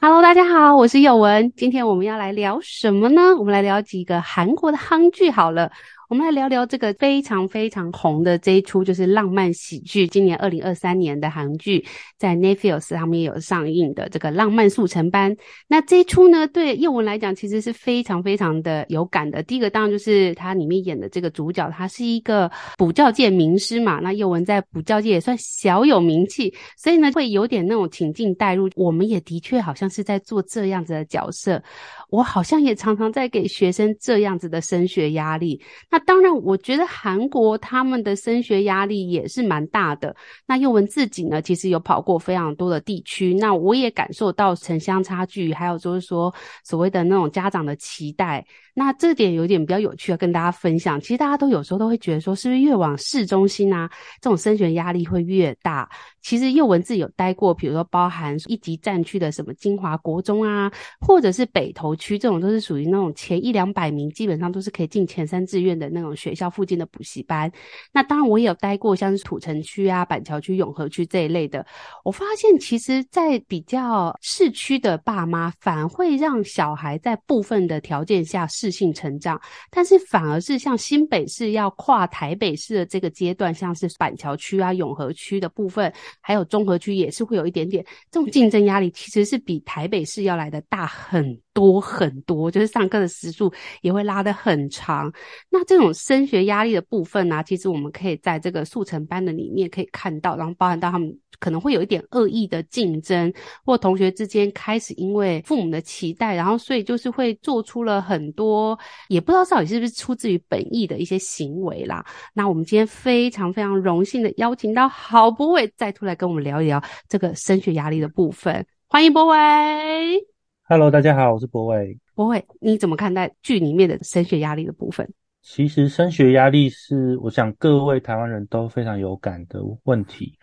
Hello，大家好，我是宥雯。今天我們要來聊什麼呢？我們來聊幾個韓國的韓劇好了。我們來聊聊這個非常非常紅的這一出，就是浪漫喜劇，今年二零二三年的韓劇，在 Netflix 上面也有上映的這個《浪漫速成班》。那這一出呢，對宥雯來講，其實是非常非常的有感的。第一個當然就是他裡面演的這個主角，他是一個補教界名師嘛。那宥雯在補教界也算小有名氣，所以呢，會有點那種情境帶入。我們也的確好像是在做這樣子的角色，我好像也常常在給學生這樣子的升學壓力。那啊、當然，我覺得韓國他們的升學壓力也是蠻大的。那宥雯自己呢，其實有跑過非常多的地區，那我也感受到城鄉差距，還有就是說所謂的那種家長的期待。那這點有點比較有趣，要跟大家分享。其實大家都有時候都會覺得說，是不是越往市中心啊，這種升學壓力會越大？其實，宥雯自己有待過，比如說包含一級戰區的什麼金華國中啊，或者是北投區這種，都是屬於那種前一兩百名，基本上都是可以進前三志願的那種學校附近的補習班。那當然，我也有待過像是土城區啊、板橋區、永和區這一類的。我發現，其實，在比較市區的爸媽，反會讓小孩在部分的條件下是。性成長，但是反而是像新北市要跨台北市的這個階段，像是板橋區啊、永和區的部分，還有中和區也是會有一點點這種競爭壓力，其實是比台北市要來的大很多。多很多，就是上課的時數也會拉得很長。那這種升學壓力的部分呢、啊，其實我們可以在這個速成班的裡面可以看到，然後包含到他們可能會有一點惡意的競爭，或同學之間開始因為父母的期待，然後所以就是會做出了很多，也不知道到底是不是出自於本意的一些行為啦。那我們今天非常非常榮幸的邀請到郝柏瑋再出來跟我們聊一聊這個升學壓力的部分，歡迎柏瑋。Hello，大家好，我是柏瑋。柏瑋，你怎麼看待劇裡面的升學壓力的部分？其實升學壓力是，我想各位台灣人都非常有感的問題。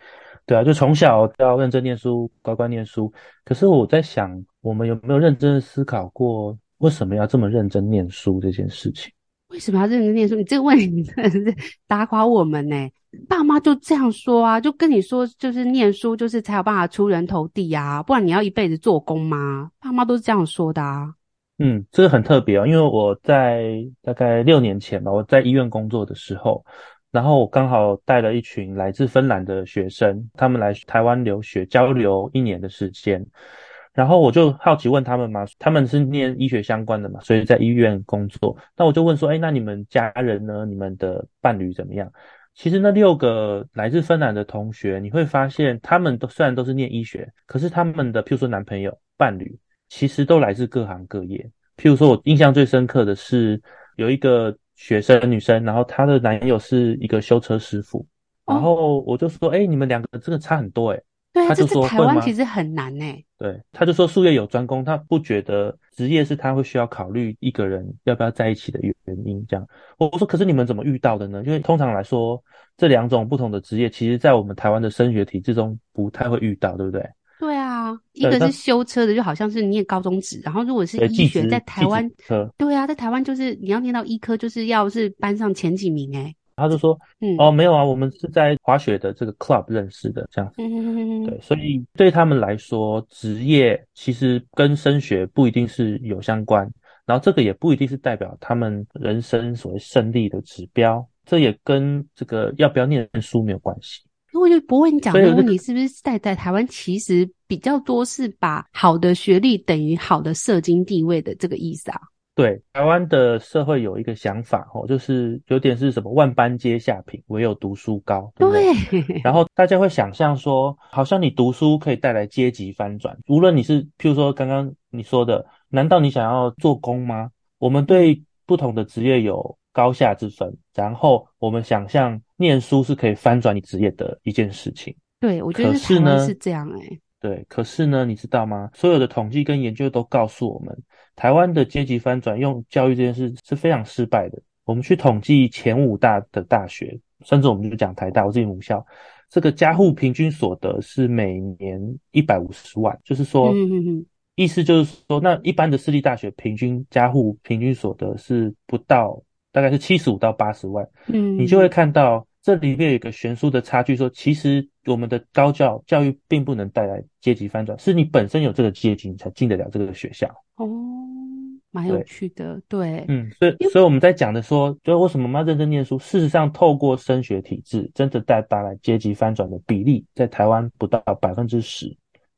對啊，就從小都要認真念書，乖乖念書。可是我在想，我們有沒有認真思考過，為什麼要這麼認真念書這件事情？為什麼要認真念書？你這個問題真的是打垮我們呢、欸？爸媽就這樣說啊，就跟你說，就是念書就是才有辦法出人頭地啊，不然你要一輩子做工嗎？爸媽都是這樣說的啊。嗯，這個很特別啊、哦，因為我在大概六年前吧，我在醫院工作的時候，然後我剛好帶了一群來自芬蘭的學生，他們來台灣留學交流一年的時間。然後我就好奇問他們嘛，他們是念醫學相關的嘛，所以在醫院工作。那我就問說，哎，那你們家人呢？你們的伴侶怎麼樣？其實那六個來自芬蘭的同學，你會發現，他們都雖然都是念醫學，可是他們的譬如說男朋友、伴侶，其實都來自各行各業。譬如說我印象最深刻的是有一個學生女生，然後她的男友是一個修車師傅，然後我就說，哎，你們兩個真的差很多，欸，哎。對啊，這在台灣其實很難呢、欸。對，他就說，術業有專攻，他不覺得職業是他會需要考慮一個人要不要在一起的原因。這樣，我說可是你們怎麼遇到的呢？因為通常來說，這兩種不同的職業，其實在我們台灣的升學體制中不太會遇到，對不對？對啊，一個是修車的，就好像是念高中職，嗯、然後如果是醫學，在台灣，對啊，在台灣就是你要念到醫科，就是要是班上前幾名、欸，哎。他就說，哦、嗯，哦，沒有啊，我們是在滑雪的這個 club 認識的，這樣子、嗯嗯，對，所以對他們來說，職業其實跟升學不一定是有相關，然後這個也不一定是代表他們人生所謂勝利的指標，這也跟這個要不要念書沒有關係。因為就柏瑋講的問題，你是不是在在台灣其實比較多是把好的學歷等於好的社經地位的這個意思啊？對台灣的社會有一個想法哦，就是有點是什麼“萬般皆下品，唯有讀書高”。對對。對，然後大家會想象說，好像你讀書可以帶來階級翻轉。無論你是譬如說剛剛你說的，難道你想要做工嗎？我們對不同的職業有高下之分，然後我們想象念書是可以翻轉你職業的一件事情。對，我覺得是呢是這樣誒、欸對，可是呢，你知道嗎？所有的統計跟研究都告訴我們，台灣的階級翻轉用教育這件事是非常失敗的。我們去統計前五大的大學，甚至我們就講台大、我自己母校，這個家戶平均所得是每年一百五十萬，就是說， 意思就是說，那一般的私立大學平均家戶平均所得是不到，大概是七十五到八十萬， 你就會看到。這裡面有一個懸殊的差距說，說其實我們的高教教育並不能帶來階級翻轉，是你本身有這個階級，你才進得了這個學校。哦，蠻有趣的，對，對嗯，所以所以我們在講的說，就是為什麼我們要認真念書？事實上，透過升學體制，真的帶帶來階級翻轉的比例，在台灣不到百分之十，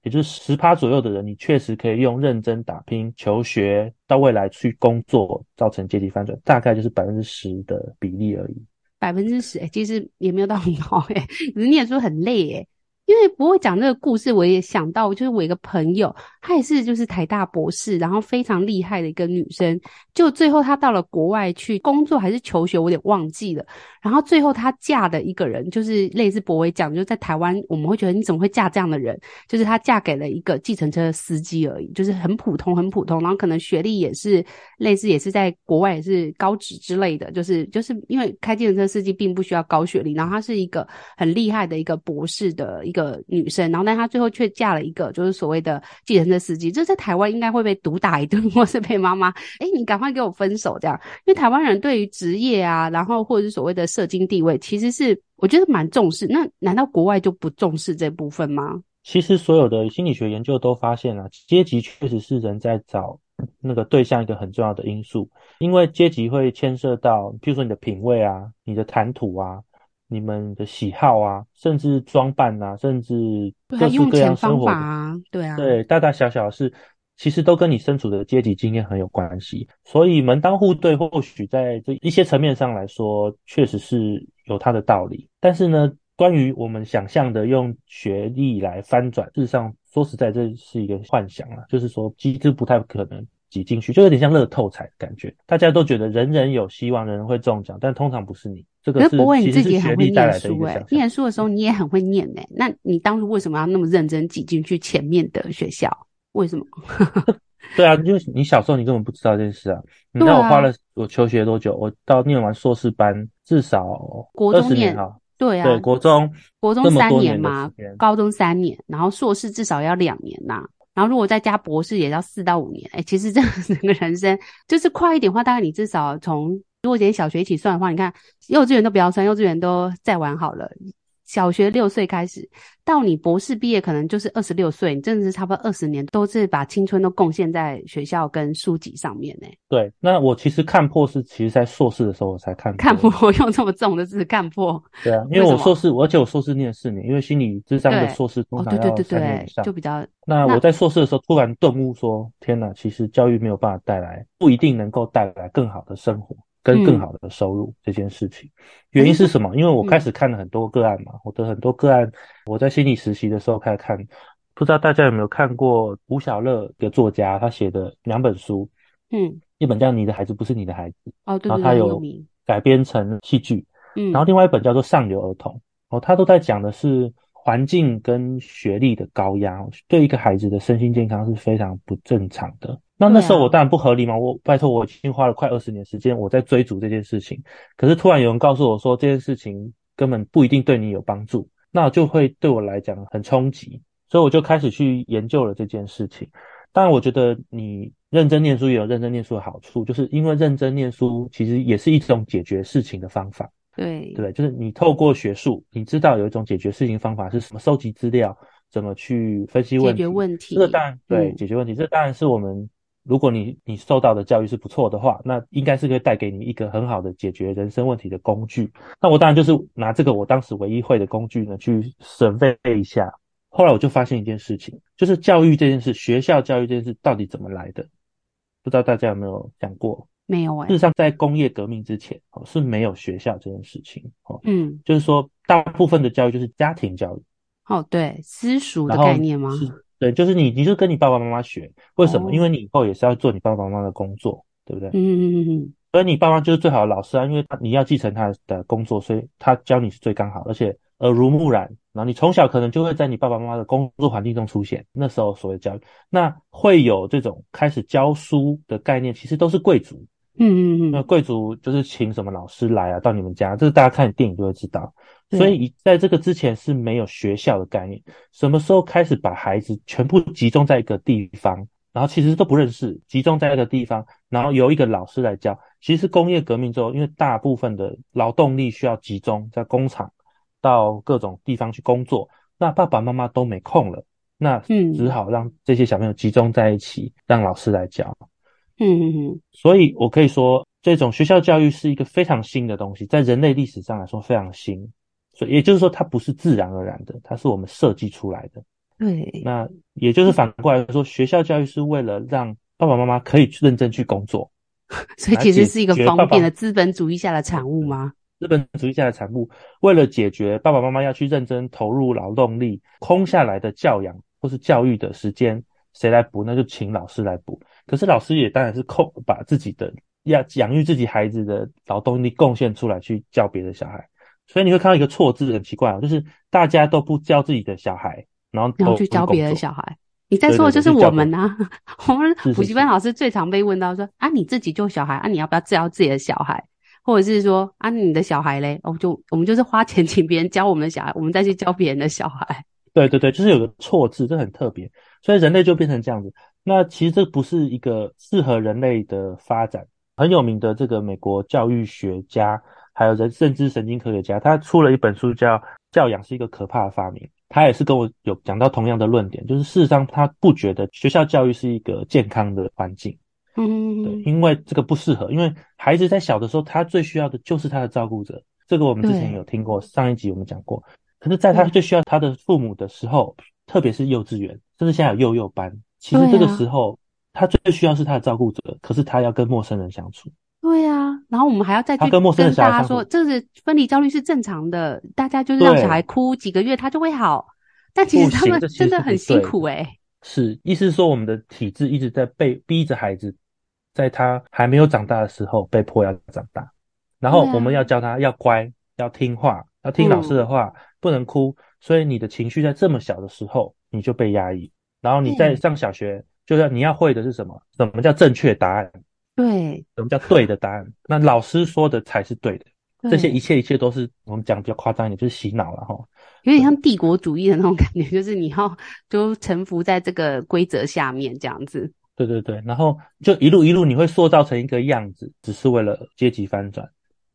也就是十趴左右的人，你確實可以用認真打拼、求學到未來去工作，造成階級翻轉，大概就是百分之十的比例而已。百分之十，欸，哎，其實也沒有到很高，欸。哎，你念書很累，欸，誒因為柏瑋講這個故事，我也想到，就是我一個朋友，她也是就是台大博士，然後非常厲害的一個女生。就最後她到了國外去工作還是求學，我有點忘記了。然後最後她嫁的一個人，就是類似柏瑋講，就在台灣我們會覺得你怎麼會嫁這樣的人？就是她嫁給了一個計程車司機而已，就是很普通很普通。然後可能學歷也是類似，也是在國外也是高職之類的，就是就是因為開計程車司機並不需要高學歷，然後她是一個很厲害的一個博士的一個。的女生，然後但她最後卻嫁了一個就是所謂的計程車司機，這在台灣應該會被毒打一頓，或是被媽媽，誒，你趕快給我分手這樣。因為台灣人對於職業啊，然後或者是所謂的社經地位，其實是我覺得蠻重視。那難道國外就不重視這部分嗎？其實所有的心理學研究都發現啊，階級確實是人在找那個對象一個很重要的因素，因為階級會牽涉到，譬如說你的品味啊，你的談吐啊。你們的喜好啊，甚至裝扮啊，甚至各種各樣生活的、啊，對啊，對，大大小小的事，其實都跟你身處的階級經驗很有關係。所以門當戶對，或許在這一些層面上來說，確實是有它的道理。但是呢，關於我們想象的用學歷來翻轉，事實上，說實在，這是一個幻想啦，就是說，機制不太可能擠進去，就有點像樂透彩的感覺。大家都覺得人人有希望，人人會中獎，但通常不是你。這個、是柏瑋，你自己很會念書哎、欸，嗯、念書的時候你也很會念哎、欸，那你當初為什麼要那麼認真擠進去前面的學校？為什麼？ 對啊，因為你小時候你根本不知道這件事啊。你知道我花了我求學多久？我到念完碩士班至少二十年國中念。對啊，對，國中、國中三年嘛，高中三年，然後碩士至少要兩年吶、啊，然後如果再加博士也要四到五年。哎、欸，其實這樣整個人生就是快一點的話，大概你至少從。如果連小學一起算的話，你看，幼稚園都不要算，幼稚園都在玩好了。小學六歲開始，到你博士畢業，可能就是二十六歲，你真的是差不多二十年都是把青春都貢獻在學校跟書籍上面呢、欸。對，那我其實看破是，其實在碩士的時候我才看破，看破用這麼重的字看破。對啊，因為我碩士，我而且我碩士念了四年，因為心理諮商的碩士要，哦，對對對對，就比較。那我在碩士的時候突然頓悟，說天哪，其實教育沒有辦法帶來，不一定能夠帶來更好的生活。跟更好的收入，嗯、這件事情，原因是什麼？因為我開始看了很多個案嘛，嗯、我的很多個案，我在心理實習的時候開始看，不知道大家有沒有看過吳曉樂的作家，他寫的兩本書，嗯，一本叫《你的孩子不是你的孩子》，哦，對、對、對，然後他有改編成戲劇，嗯，然後另外一本叫做《上流兒童》，哦，他都在講的是環境跟學歷的高壓，對一個孩子的身心健康是非常不正常的。那那時候我當然不合理嘛，啊、我拜托我已經花了快二十年時間，我在追逐這件事情，可是突然有人告訴我說這件事情根本不一定對你有幫助，那就會對我來講很衝擊，所以我就開始去研究了這件事情。但我覺得你認真念書也有認真念書的好處，就是因為認真念書其實也是一種解決事情的方法。對對，就是你透過學術，你知道有一種解決事情的方法是什麼？收集資料，怎麼去分析問題？解決問題。這個、當然對、嗯、解決問題，這個、當然是我們。如果你你受到的教育是不錯的話，那應該是可以帶給你一個很好的解決人生問題的工具。那我當然就是拿這個我當時唯一會的工具呢，去省視一下。後來我就發現一件事情，就是教育這件事，學校教育這件事到底怎麼來的？不知道大家有沒有想過？沒有啊、欸。事實上，在工業革命之前哦，是沒有學校這件事情哦，嗯，就是說大部分的教育就是家庭教育。哦，對，私塾的概念嗎？對，就是你，你就跟你爸爸媽媽學，為什麼？因為你以後也是要做你爸爸媽媽的工作，對不對？嗯嗯嗯嗯。所以你爸媽就是最好的老師啊，因為他你要繼承他的工作，所以他教你是最剛好，而且耳濡目染。然後你從小可能就會在你爸爸媽媽的工作環境中出現，那時候所謂教育，那會有這種開始教書的概念，其實都是貴族。嗯嗯嗯，那 貴族就是請什麼老師來啊，到你們家，這是大家看電影就會知道。所以，在這個之前是沒有學校的概念。嗯。什麼時候開始把孩子全部集中在一個地方，然後其實都不認識，集中在一個地方，然後由一個老師來教。其實工業革命之後，因為大部分的勞動力需要集中在工廠，到各種地方去工作，那爸爸媽媽都沒空了，那只好讓這些小朋友集中在一起，嗯，讓老師來教。嗯， 所以，我可以說，這種學校教育是一個非常新的東西，在人類歷史上來說非常新。所以，也就是說，它不是自然而然的，它是我們設計出來的。對，那也就是反過來說，學校教育是為了讓爸爸媽媽可以認真去工作， 所以其實是一個方便的資本主義下的產物嗎？資本主義下的產物，為了解決爸爸媽媽要去認真投入勞動力，空下來的教養或是教育的時間，誰來補？那就請老師來補。可是老師也當然是控把自己的要養育自己孩子的勞動力貢獻出來去教別的小孩，所以你會看到一個錯字很奇怪啊，就是大家都不教自己的小孩，然後都不然後去教別的小孩。你在說的就是我們啊，我們補習班老師最常被問到說啊，你自己教小孩啊，你要不要治療自己的小孩？或者是說啊，你的小孩嘞？我就我們就是花錢請別人教我們的小孩，我們再去教別人的小孩。對對對，就是有個錯字，這很特別，所以人類就變成這樣子。那其實這不是一個適合人類的發展。很有名的這個美國教育學家，還有人，甚至神經科學家，他出了一本書叫《教養是一個可怕的發明》。他也是跟我有講到同樣的論點，就是事實上他不覺得學校教育是一個健康的環境。嗯，對，因為這個不適合，因為孩子在小的時候，他最需要的就是他的照顧者。這個我們之前有聽過，上一集我們講過。可是，在他最需要他的父母的時候，特別是幼稚園，甚至現在有幼幼班。其實這個時候、啊，他最需要是他的照顧者，可是他要跟陌生人相處。對啊，然後我們還要再去他跟陌生人相處，大家說這是分離焦慮是正常的，大家就是讓小孩哭幾個月他就會好。但其實他們真的很辛苦誒、欸。是，意思是說我們的體制一直在被逼着孩子，在他還沒有長大的時候被迫要長大，然後我們要教他要乖、要聽話、要聽老師的話，啊嗯、不能哭。所以你的情緒在這麼小的時候你就被壓抑。然後你在上小學，就像你要會的是什麼？什麼叫正確答案？對，什麼叫對的答案？那老師說的才是對的。對。這些一切一切都是我們講比較誇張一點，就是洗腦了哈。有點像帝國主義的那種感覺，就是你要就臣服在這個規則下面，這樣子。對對對，然後就一路一路你會塑造成一個樣子，只是為了階級翻轉。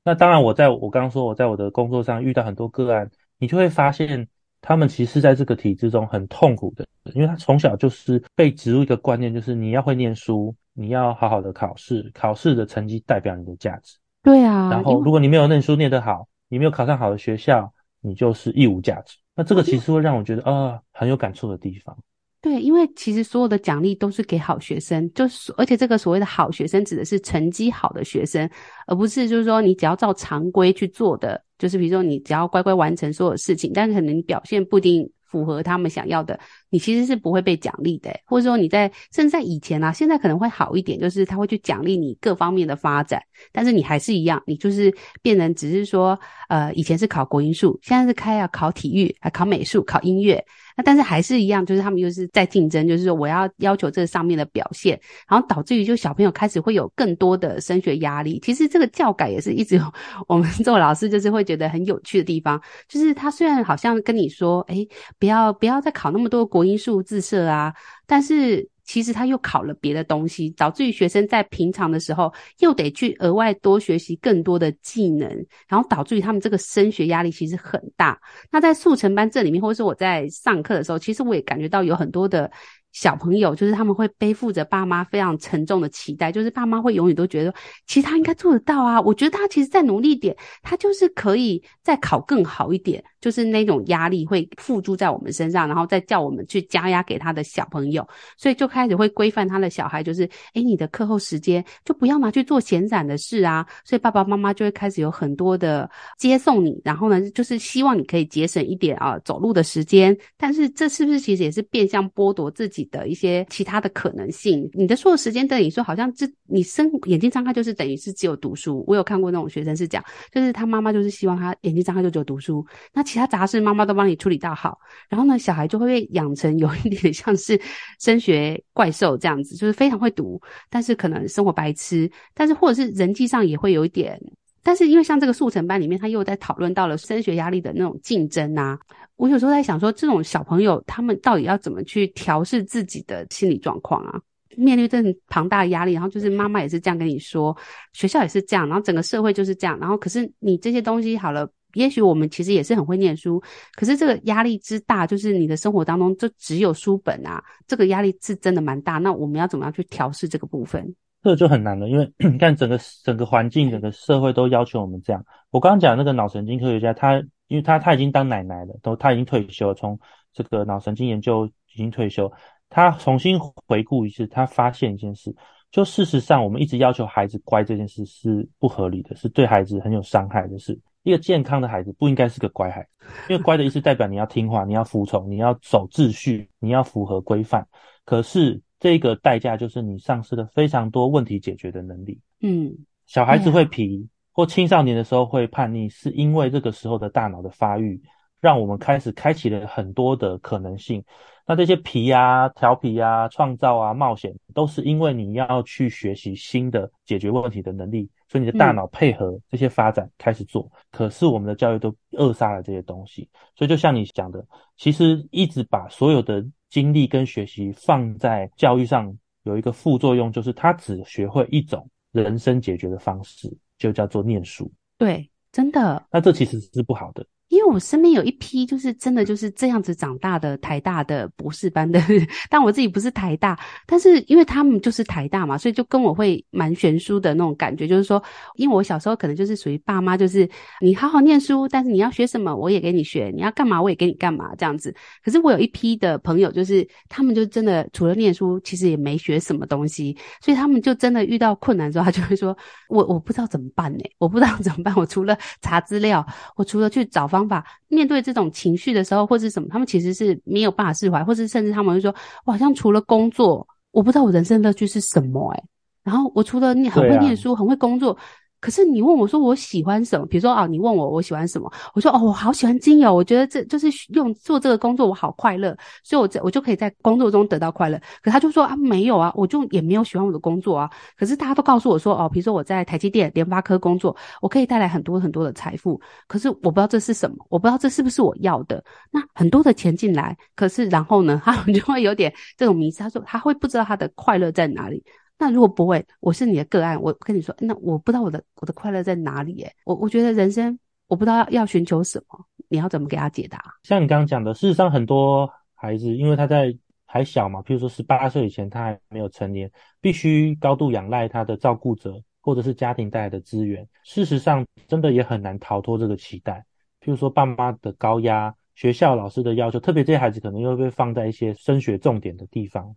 那當然，我在我剛剛說我在我的工作上遇到很多個案，你就會發現。他們其實在這個體制中很痛苦的，因為他從小就是被植入一個觀念，就是你要會念書，你要好好的考試，考試的成績代表你的價值。對啊，然後如果你沒有念書念得好，你沒有考上好的學校，你就是一無價值。那這個其實會讓我覺得，呃，很有感觸的地方。對，因為其實所有的獎勵都是給好學生，就是而且這個所謂的好學生指的是成績好的學生，而不是就是說你只要照常規去做的，就是比如說你只要乖乖完成所有事情，但是可能表現不一定符合他們想要的，你其實是不會被獎勵的。欸，或者說你在甚至在以前啊，現在可能會好一點，就是他會去獎勵你各方面的發展，但是你還是一樣，你就是變成只是說，呃，以前是考國英數，現在是開啊考體育、啊、考美術、考音樂，那但是還是一樣，就是他們又是在競爭，就是說我要要求這上面的表現，然後導致於就小朋友開始會有更多的升學壓力。其實這個教改也是一直有我們做老師就是會覺得很有趣的地方，就是他雖然好像跟你說，哎、欸，不要不要再考那麼多國。因素自設啊，但是其實他又考了別的東西，導致於學生在平常的時候又得去額外多學習更多的技能，然後導致於他們這個升學壓力其實很大。那在速成班這裡面，或是我在上課的時候，其實我也感覺到有很多的小朋友，就是他們會背負着爸媽非常沉重的期待，就是爸媽會永遠都覺得，其實他應該做得到啊。我覺得他其實再努力一點，他就是可以再考更好一點。就是那種壓力會附著在我們身上，然後再叫我們去加壓給他的小朋友，所以就開始會規範他的小孩，就是，哎，你的課後時間就不要拿去做閒散的事啊。所以爸爸媽媽就會開始有很多的接送你，然後呢，就是希望你可以節省一點啊，走路的時間。但是這是不是其實也是變相剝奪自己的一些其他的可能性？你的所有時間等於說好像這你睜眼睛張開就是等於是只有讀書。我有看過那種學生是講，就是他媽媽就是希望他眼睛張開就只有讀書。那。其他雜事，媽媽都幫你處理到好。然後呢，小孩就會被養成有一點像是升學怪獸這樣子，就是非常會讀，但是可能生活白痴，但是或者是人際上也會有一點。但是因為像這個速成班裡面，他又在討論到了升學壓力的那種競爭啊。我有時候在想說，這種小朋友他們到底要怎麼去調適自己的心理狀況啊？面對這種龐大的壓力，然後就是媽媽也是這樣跟你說，學校也是這樣，然後整個社會就是這樣，然後可是你這些東西好了。也許我們其實也是很會念書，可是這個壓力之大，就是你的生活當中就只有書本啊，這個壓力是真的蠻大。那我們要怎麼樣去調適這個部分？這個就很難了，因為你看 整個整個環境、整個社會都要求我們這樣。我剛剛講那個腦神經科學家，他因為他他已經當奶奶了，都他已經退休，從這個腦神經研究已經退休，他重新回顧一次，他發現一件事：就事實上，我們一直要求孩子乖這件事是不合理的，是對孩子很有傷害的事。一個健康的孩子不應該是個乖孩子，因為乖的意思代表你要聽話，你要服從，你要守秩序，你要符合規範。可是這個代價就是你喪失了非常多問題解決的能力。嗯，小孩子會皮，或青少年的時候會叛逆，是因為這個時候的大腦的發育，讓我們開始開啟了很多的可能性。那這些皮呀、啊、調皮呀、啊、創造啊、冒險，都是因為你要去學習新的解決問題的能力，所以你的大腦配合這些發展開始做。嗯、可是我們的教育都扼殺了這些東西，所以就像你講的，其實一直把所有的精力跟學習放在教育上，有一個副作用就是他只學會一種人生解決的方式，就叫做念書。對，真的。那這其實是不好的。因為我身邊有一批就是真的就是這樣子長大的台大的博士班的， 但我自己不是台大，但是因為他們就是台大嘛，所以就跟我會蠻懸殊的那種感覺，就是說，因為我小時候可能就是屬於爸媽就是你好好念書，但是你要學什麼我也給你學，你要幹嘛我也給你幹嘛這樣子。可是我有一批的朋友，就是他們就真的除了念書，其實也沒學什麼東西，所以他們就真的遇到困難之後，他就會說我我不知道怎麼辦呢、欸，我不知道怎麼辦，我除了查資料，我除了去找方。法面對這種情緒的時候，或是什麼，他們其實是沒有辦法釋懷，或者甚至他們會說，我好像除了工作，我不知道我人生樂趣是什麼哎、欸。然後我除了念很會念書、啊，很會工作。可是你問我說我喜歡什麼？比如說啊，你問我我喜歡什麼？我說哦，我好喜歡精油，我覺得這就是用做這個工作，我好快樂，所以我在我就可以在工作中得到快樂。可是他就說啊，沒有啊，我就也沒有喜歡我的工作啊。可是大家都告訴我說哦，比如說我在台積電、聯發科工作，我可以帶來很多很多的財富。可是我不知道這是什麼，我不知道這是不是我要的。那很多的錢進來，可是然後呢，他就會有點這種迷失，他說他會不知道他的快樂在哪裡。那如果不會，我是你的個案，我跟你說，那我不知道我的我的快樂在哪裡誒、欸，我我覺得人生我不知道要要尋求什麼，你要怎麼給他解答？像你剛剛講的，事實上很多孩子，因為他在還小嘛，譬如說十八歲以前他還沒有成年，必須高度仰賴他的照顧者或者是家庭帶來的資源。事實上，真的也很難逃脫這個期待，譬如說爸媽的高壓、學校老師的要求，特別這些孩子可能又會被放在一些升學重點的地方。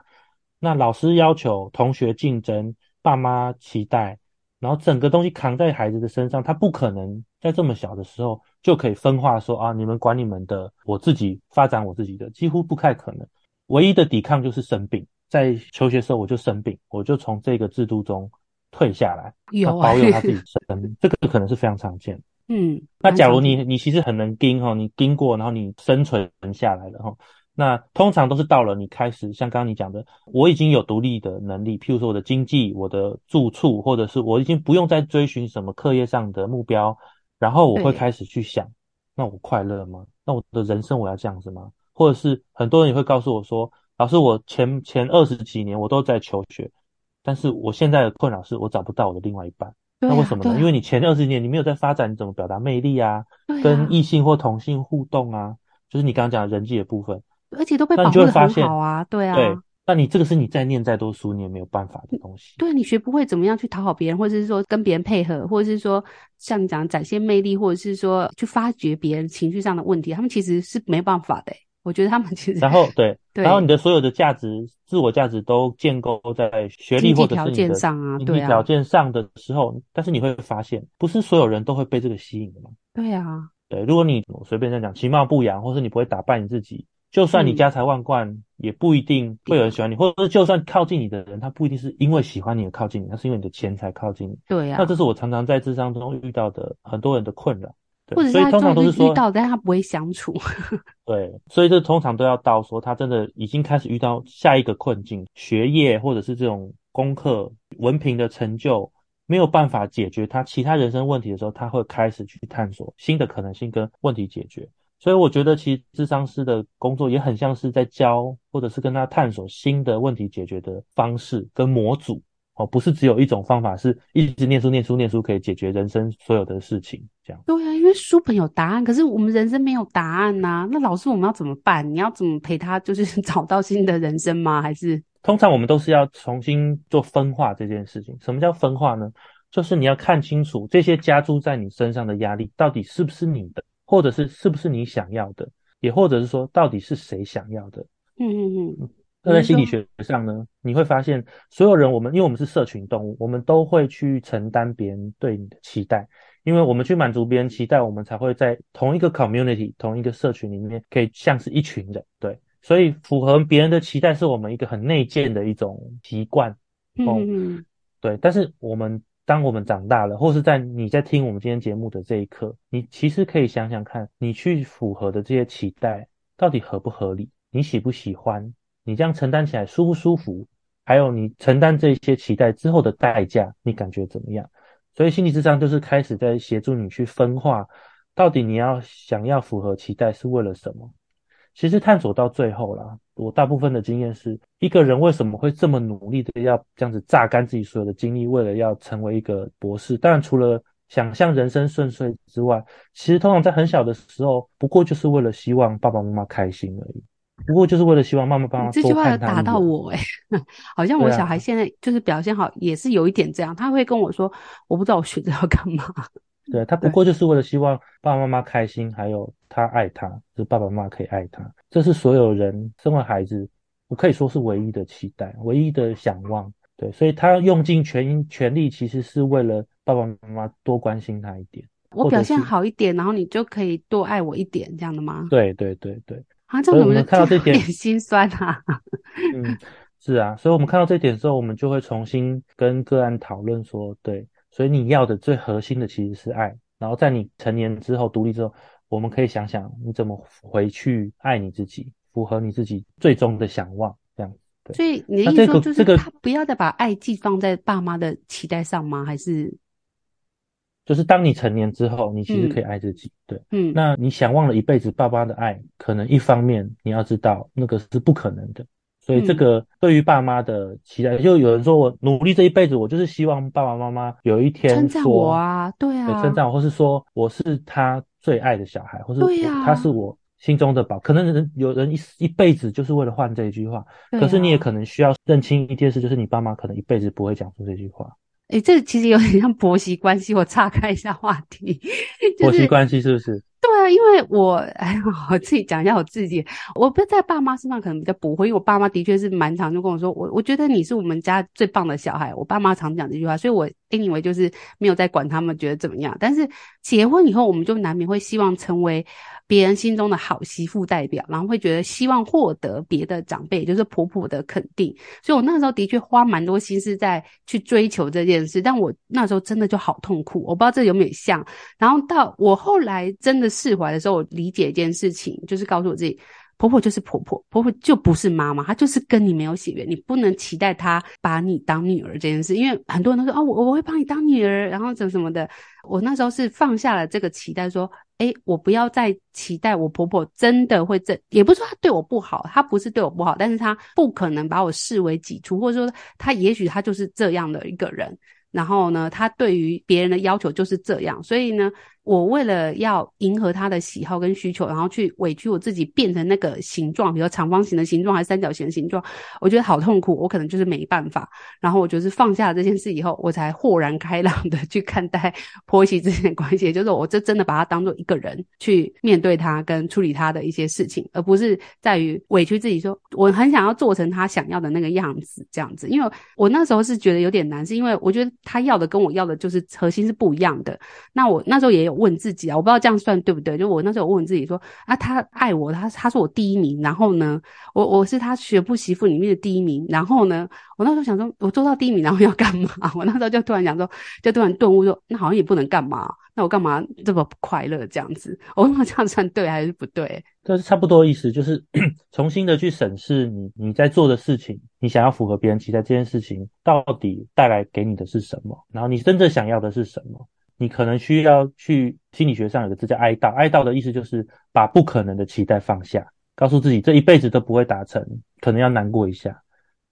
那老師要求同學競爭，爸媽期待，然後整個東西扛在孩子的身上，他不可能在這麼小的時候就可以分化說啊，你們管你們的，我自己發展我自己的，幾乎不太可能。唯一的抵抗就是生病，在求學時候我就生病，我就從這個制度中退下來，要、啊、保有他自己生命， 這個可能是非常常見的。嗯，那假如你你其實很能撐吼、哦，你撐過，然後你生存下來了吼。哦那通常都是到了你開始，像剛剛你講的，我已經有獨立的能力，譬如說我的經濟、我的住處，或者是我已經不用再追尋什麼課業上的目標，然後我會開始去想，那我快樂嗎？那我的人生我要這樣子嗎？或者是很多人也會告訴我說，老師，我前前二十幾年我都在求學，但是我現在的困擾是我找不到我的另外一半，啊、那為什麼呢？因為你前二十年你沒有在發展，你怎麼表達魅力啊，啊跟異性或同性互動啊，就是你剛剛講的人際的部分。而且都被保護得很好啊，對啊。對，那你這個是你再念再多書，你也沒有辦法的東西。對，你學不會怎麼樣去討好別人，或者是說跟別人配合，或者是說像你講展現魅力，或者是說去發掘別人情緒上的問題，他們其實是沒辦法的。我覺得他們其實然後對對，然後你的所有的價值、自我價值都建構在學歷或者是你的經濟條件上啊，對啊。條件上的時候，但是你會發現，不是所有人都會被這個吸引的嘛？對啊，對，如果你隨便在講，其貌不揚，或是你不會打扮你自己。就算你家財萬貫，嗯，也不一定會有人喜歡你，嗯、或者說，就算靠近你的人，他不一定是因為喜歡你而靠近你，那是因為你的錢才靠近你。對呀，啊。那這是我常常在諮商中遇到的很多人的困擾。對。所以通常都是遇到，但他不會相處。 對，所以這通常都要到說他真的已經開始遇到下一個困境，學業或者是這種功課、文憑的成就沒有辦法解決他其他人生問題的時候，他會開始去探索新的可能性跟問題解決。所以我覺得，其實諮商師的工作也很像是在教，或者是跟他探索新的問題解決的方式跟模組哦，不是只有一種方法，是一直念書、念書、念書可以解決人生所有的事情。這樣對啊，因為書本有答案，可是我們人生沒有答案吶啊。那老師，我們要怎麼辦？你要怎麼陪他，就是找到新的人生嗎？還是通常我們都是要重新做分化這件事情。什麼叫分化呢？就是你要看清楚這些加諸在你身上的壓力，到底是不是你的。或者是是不是你想要的，也或者是說到底是誰想要的？嗯嗯嗯。那、嗯、在心理學上呢、嗯，你會發現所有人，我們因為我們是社群動物，我們都會去承擔別人對你的期待，因為我們去滿足別人期待，我們才會在同一個 community、同一個社群裡面，可以像是一群人。對，所以符合別人的期待是我們一個很內建的一種習慣。哦。嗯。對，但是我們。當我們長大了，或是在你在聽我們今天節目的這一刻，你其實可以想想看，你去符合的這些期待到底合不合理？你喜不喜歡？你這樣承擔起來舒不舒服？還有你承擔這些期待之後的代價，你感覺怎麼樣？所以心理諮商就是開始在協助你去分化，到底你要想要符合期待是為了什麼？其實探索到最後啦，我大部分的經驗是一個人為什麼會這麼努力的要這樣子榨乾自己所有的精力，為了要成為一個博士。當然，除了想象人生順遂之外，其實通常在很小的時候，不過就是為了希望爸爸媽媽開心而已。不過就是為了希望爸爸媽媽，媽,媽探探這句話要打到我哎，欸，好像我小孩現在就是表現好，啊，也是有一點這樣。他會跟我說：“我不知道我學這要幹嘛。”對，他不過就是為了希望爸爸媽媽開心，還有他愛他，就是爸爸媽媽可以愛他。這是所有人生完孩子，我可以說是唯一的期待，唯一的想望。對，所以他用盡全全力，其實是為了爸爸媽媽多關心他一點，我表現好一點，然後你就可以多愛我一點，這樣的嗎？對對對對。啊，這樣我們看到這點這心酸啊。 嗯，是啊，所以我們看到這點之後，我們就會重新跟個案討論說，對。所以你要的最核心的其實是愛，然後在你成年之後獨立之後，我們可以想想你怎麼回去愛你自己，符合你自己最終的想望，這樣子。所以你意思說、這個這個、就是他不要再把愛寄放在爸媽的期待上嗎？還是就是當你成年之後，你其實可以愛自己，嗯、對，嗯，那你想望了一輩子爸媽的愛，可能一方面你要知道那個是不可能的。所以這個對於爸媽的期待、嗯，就有人說我努力這一輩子，我就是希望爸爸媽媽有一天說我啊，對啊，成長，或是說我是他最愛的小孩，或是、啊、他是我心中的寶。可能人有人一一輩子就是為了換這一句話、啊，可是你也可能需要認清一件事，就是你爸媽可能一輩子不會講出這句話。哎、欸，這其實有點像婆媳關係，我岔開一下話題，就是，婆媳關係是不是？對啊，因為我哎，我自己講一下我自己，我不在爸媽身上可能比較不會，因為我爸媽的確是蠻常就跟我說，我我覺得你是我們家最棒的小孩，我爸媽常講這句話，所以我認為就是沒有在管他們覺得怎麼樣，但是結婚以後，我們就難免會希望成為。別人心中的好媳婦代表，然後會覺得希望獲得別的長輩，也就是婆婆的肯定。所以我那時候的確花蠻多心思在去追求這件事，但我那時候真的就好痛苦。我不知道這有沒有像。然後到我後來真的釋懷的時候，我理解一件事情，就是告訴我自己，婆婆就是婆婆，婆婆就不是媽媽，她就是跟你沒有血緣，你不能期待她把你當女兒這件事。因為很多人都說，哦，我我會把你當女兒，然後什麼什麼的。我那時候是放下了這個期待，說。哎、欸，我不要再期待我婆婆真的會這，也不是說她對我不好，她不是對我不好，但是她不可能把我視為己出，或者說她也許她就是這樣的一個人。然後呢，她對於別人的要求就是這樣，所以呢。我為了要迎合他的喜好跟需求，然後去委屈我自己變成那個形狀，比如長方形的形狀還是三角形的形狀，我覺得好痛苦。我可能就是沒辦法。然後我就是放下了這件事以後，我才豁然開朗的去看待婆媳之間的關係，就是我這真的把它當作一個人去面對他跟處理他的一些事情，而不是在於委屈自己說我很想要做成他想要的那個樣子這樣子。因為我那時候是覺得有點難，是因為我覺得他要的跟我要的就是核心是不一樣的。那我那時候也有。問自己啊，我不知道這樣算對不對。就我那時候，我問自己說：“啊，他愛我，他他是我第一名，然後呢，我我是他全部媳婦裡面的第一名，然後呢，我那時候想說，我做到第一名，然後要幹嘛？我那時候就突然想說，就突然頓悟說，那好像也不能幹嘛，那我幹嘛這麼不快樂這樣子？我不知道這樣算對還是不對？這是差不多的意思，就是 重新的去審視你你在做的事情，你想要符合別人期待這件事情，到底帶來給你的是什麼？然後你真正想要的是什麼？你可能需要去心理學上有個字叫哀悼，哀悼的意思就是把不可能的期待放下，告訴自己這一輩子都不會達成，可能要難過一下。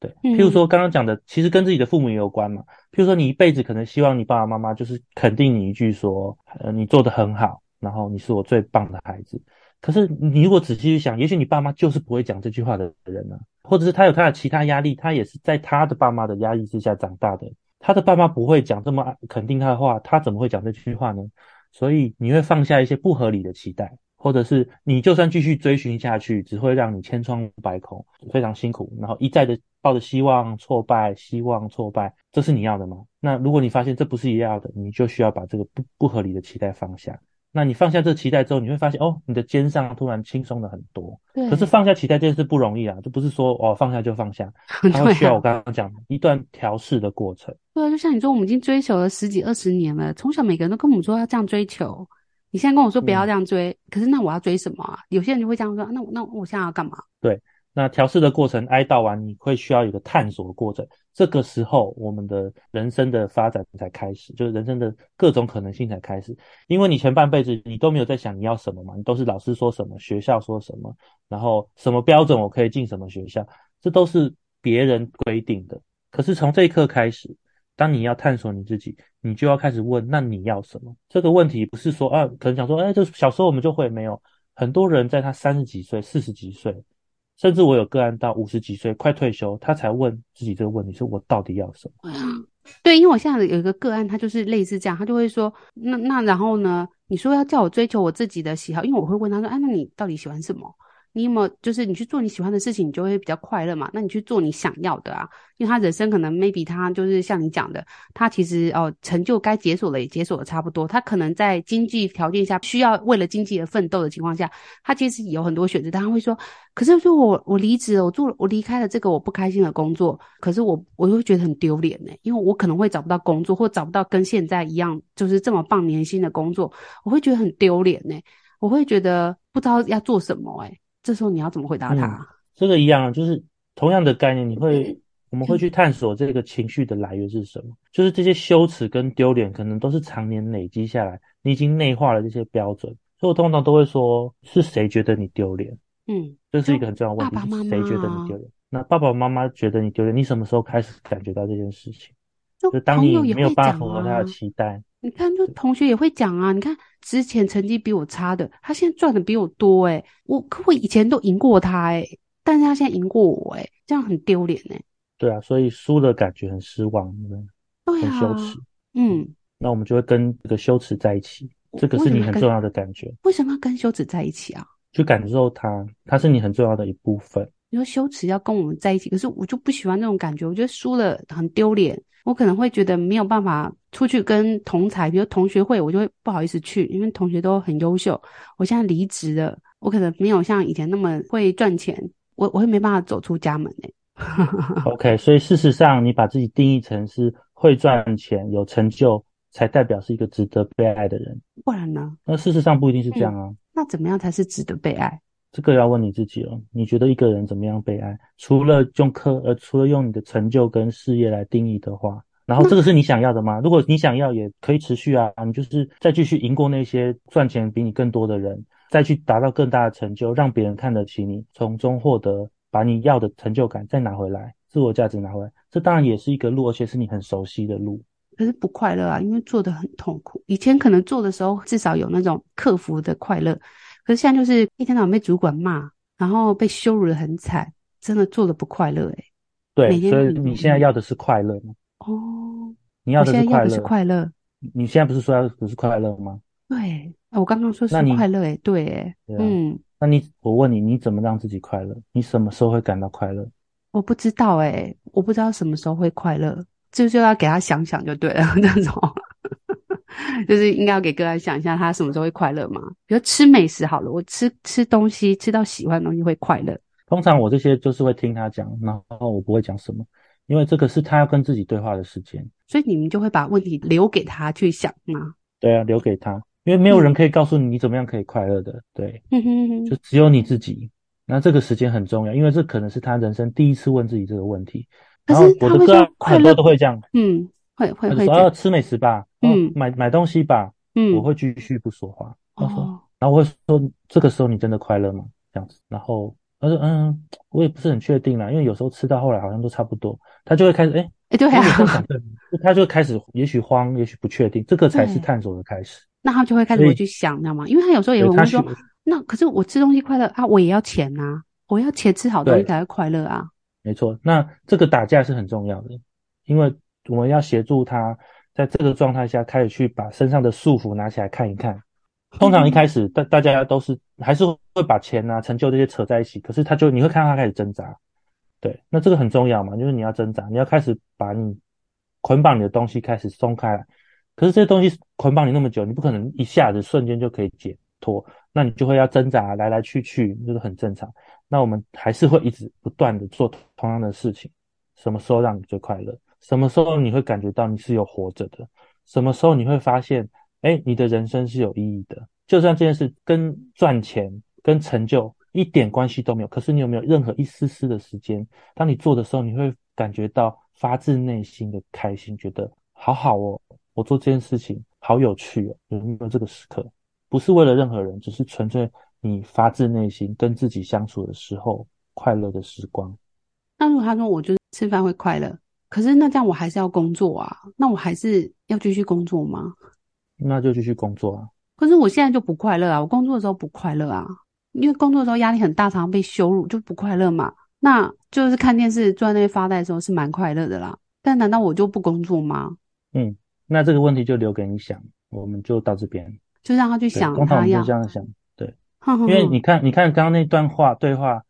對，譬如說剛剛講的，其實跟自己的父母也有關嘛。譬如說你一輩子可能希望你爸爸媽媽就是肯定你一句說，呃，你做得很好，然後你是我最棒的孩子。可是你如果仔細去想，也許你爸媽就是不會講這句話的人呢、啊，或者是他有他的其他壓力，他也是在他的爸媽的壓力之下長大的。他的爸媽不會講這麼肯定他的話，他怎麼會講這句話呢？所以你會放下一些不合理的期待，或者是你就算繼續追尋下去，只會讓你千瘡百孔，非常辛苦，然後一再的抱着希望挫敗，希望挫敗，這是你要的嗎？那如果你發現這不是你要的，你就需要把這個不不合理的期待放下。那你放下這個期待之後，你會發現，哦，你的肩上突然輕鬆了很多。對。可是放下期待這件事不容易啊，就不是說哦，放下就放下，它需要我剛剛講的一段調試的過程。對啊，對啊，就像你說，我們已經追求了十幾二十年了，從小每個人都跟我們說要這樣追求，你現在跟我說不要這樣追，嗯、可是那我要追什麼啊？有些人就會這樣說，那我那我現在要幹嘛？對。那調適的過程哀悼完，你會需要一個探索的過程。這個時候，我們的人生的發展才開始，就是人生的各種可能性才開始。因為你前半輩子你都沒有在想你要什麼嘛，你都是老師說什麼，學校說什麼，然後什麼標準我可以進什麼學校，這都是別人規定的。可是從這一刻開始，當你要探索你自己，你就要開始問：那你要什麼？這個問題不是說啊，可能想說，哎、欸，就小時候我們就會沒有很多人在他三十幾歲、四十幾歲。甚至我有個案到五十幾歲快退休，他才問自己這個問題：說我到底要什麼？嗯。對，因為我現在有一個個案，他就是類似這樣，他就會說：那那然後呢？你說要叫我追求我自己的喜好，因為我會問他說：哎，那你到底喜歡什麼？你有沒有就是你去做你喜歡的事情，你就會比較快樂嘛？那你去做你想要的啊，因為他人生可能 maybe 他就是像你講的，他其實哦成就該解鎖的也解鎖的差不多，他可能在經濟條件下需要為了經濟而奮鬥的情況下，他其實也有很多選擇。但他會說，可是說我我離職了，我做了我離開了這個我不開心的工作，可是我我就會覺得很丟臉呢，因為我可能會找不到工作，或找不到跟現在一樣就是這麼棒年薪的工作，我會覺得很丟臉呢，我會覺得不知道要做什麼哎、欸。這時候你要怎麼回答他，啊嗯？這個一樣，啊，就是同樣的概念，你會、嗯、我們會去探索這個情緒的來源是什麼，嗯、就是這些羞恥跟丟臉，可能都是常年累積下來，你已經內化了這些標準。所以我通常都會說，是誰覺得你丟臉？嗯，這是一個很重要的問題。誰覺得你丟臉、嗯？那爸爸媽媽覺得你丟臉、哦，你什麼時候開始感覺到這件事情？哦、就當你、啊、沒有辦法符合他的期待。你看，就同學也會講啊。你看之前成績比我差的，他現在賺的比我多誒。我可我以前都贏過他誒，但是他現在贏過我誒，這樣很丟臉誒。對啊，所以輸的感覺很失望，對不對？對啊，很羞恥，嗯。那我們就會跟這個羞恥在一起，這個是你很重要的感覺。為什麼要跟羞恥在一起啊？去感受它，它是你很重要的一部分。你說羞恥要跟我們在一起，可是我就不喜歡那種感覺，我覺得輸了很丟臉。我可能會覺得沒有辦法出去跟同才，比如同學會，我就會不好意思去，因為同學都很優秀。我現在離職了，我可能沒有像以前那麼會賺錢，我我會沒辦法走出家門哎。 OK，所以事實上，你把自己定義成是會賺錢、有成就，才代表是一個值得被愛的人。不然呢？那事實上不一定是這樣啊。嗯、那怎麼樣才是值得被愛？這個要問你自己哦，你覺得一個人怎麼樣被愛？除了用科呃，除了用你的成就跟事業來定義的話，然後這個是你想要的嗎？如果你想要，也可以持續啊。你就是再繼續贏過那些賺錢比你更多的人，再去達到更大的成就，讓別人看得起你，從中獲得把你要的成就感再拿回來，自我價值拿回來。這當然也是一個路，而且是你很熟悉的路。可是不快樂啊，因為做得很痛苦。以前可能做的時候，至少有那種克服的快樂。可是現在就是一天到晚被主管罵，然後被羞辱得很慘，真的做得不快樂哎、欸。對，每天天，所以你現在要的是快樂嗎？哦，你要的，要的是快樂。你現在不是說要的是快樂嗎？對，我剛剛說是快樂哎，對、欸對啊，嗯。那你我問你，你怎麼讓自己快樂？你什麼時候會感到快樂？我不知道哎、欸，我不知道什麼時候會快樂，就就要給他想想就對了那種。就是應該要給哥來想一下，他什麼時候會快樂嘛。比如說吃美食好了，我吃吃東西吃到喜歡的東西會快樂。通常我這些就是會聽他講，然後我不會講什麼，因為這個是他要跟自己對話的時間。所以你們就會把問題留給他去想嗎？對啊，留給他，因為沒有人可以告訴你你怎麼樣可以快樂的。嗯、對，嗯哼哼，就只有你自己。那這個時間很重要，因為這可能是他人生第一次問自己這個問題。然後我的哥很多都會這樣。嗯。會會會，然要、啊、吃美食吧，嗯，哦、買買東西吧，嗯，我會繼續不說話，哦，他說然後我會說這個時候你真的快樂嗎？這樣子，然後他說嗯，我也不是很確定啦，因為有時候吃到後來好像都差不多，他就會開始誒哎，對呀、啊，對 他就開始也許慌，也許不確定，這個才是探索的開始。那他就會開始會去想，你知道嗎？因為他有時候也會說，那可是我吃東西快樂啊，我也要錢啊，我要錢吃好東西才會快樂啊。沒錯，那這個打架是很重要的，因為。我們要協助他，在這個狀態下開始去把身上的束縛拿起來看一看。通常一開始大、嗯、大家都是還是會把錢啊、成就這些扯在一起，可是他就你會看到他開始掙扎。對，那這個很重要嘛，就是你要掙扎，你要開始把你捆綁你的東西開始鬆開來。可是這些東西捆綁你那麼久，你不可能一下子瞬間就可以解脫，那你就會要掙扎來來去去，這個很正常。那我們還是會一直不斷地做同樣的事情，什麼時候讓你最快樂？什麼時候你會感覺到你是有活着的？什麼時候你會發現，哎，你的人生是有意義的？就算這件事跟賺錢、跟成就一點關係都沒有，可是你有沒有任何一絲絲的時間？當你做的時候，你會感覺到發自內心的開心，覺得好好哦，我做這件事情好有趣哦，有沒有這個時刻，不是為了任何人，只是純粹你發自內心跟自己相處的時候快樂的時光。那如果他說，我就是吃飯會快樂？可是那這樣我還是要工作啊，那我還是要繼續工作嗎？那就繼續工作啊。可是我現在就不快樂啊，我工作的時候不快樂啊，因為工作的時候壓力很大，常常被羞辱，就不快樂嘛。那就是看電視坐在那發呆的時候是蠻快樂的啦。但難道我就不工作嗎？嗯，那這個問題就留給你想，我們就到這邊，就讓他去想他要，我就這樣想，對呵呵呵。因為你看，你看剛剛那段話對話，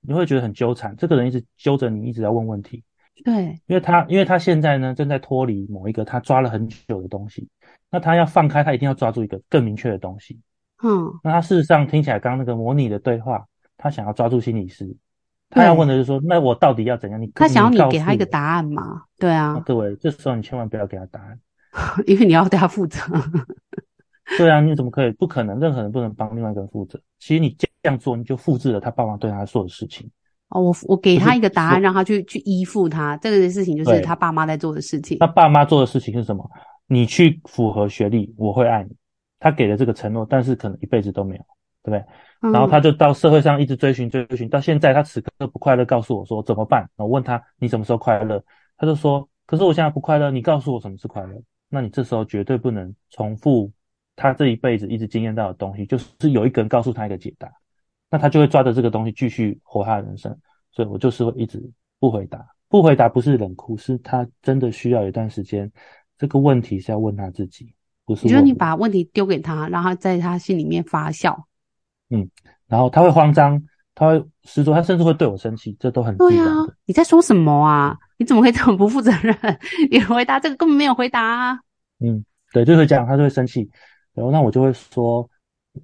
你會覺得很糾纏，這個人一直揪着你，一直在問問題。對，因為他，因為他現在呢，正在脫離某一個他抓了很久的東西，那他要放開，他一定要抓住一個更明確的東西。嗯，那他事實上聽起來，剛剛那個模擬的對話，他想要抓住心理師，他要問的就是說，那我到底要怎樣？你他想要你給他一個答案嘛？對啊，各位，這時候你千萬不要給他答案，因為你要對他負責。 對啊，你怎麼可以？不可能，任何人不能幫另外一個人負責。其實你這樣做，你就複製了他爸媽對他做的事情。哦，我我給他一個答案，就是、讓他去去依附他，這個事情就是他爸媽在做的事情。他爸媽做的事情是什麼？你去符合學歷，我會愛你。他給了這個承諾，但是可能一輩子都沒有，對不對？嗯、然後他就到社會上一直追尋追尋，到現在他此刻不快樂，告訴我說怎麼辦？我問他你什麼時候快樂？他就說，可是我現在不快樂，你告訴我什麼是快樂？那你這時候絕對不能重複他這一輩子一直經驗到的東西，就是有一個人告訴他一個解答。那他就會抓着這個東西繼續活他人生，所以我就是會一直不回答，不回答不是冷酷，是他真的需要一段時間。這個問題是要問他自己，不是問我。你覺得你把問題丟給他，然後在他心裡面發酵。嗯，然後他會慌張，他會失足，他甚至會對我生氣，這都很自然的，對呀、啊。你在說什麼啊？你怎麼會這麼不負責任？ 你回答這個根本沒有回答啊。嗯，對，就會這樣，他就會生氣，然後那我就會說，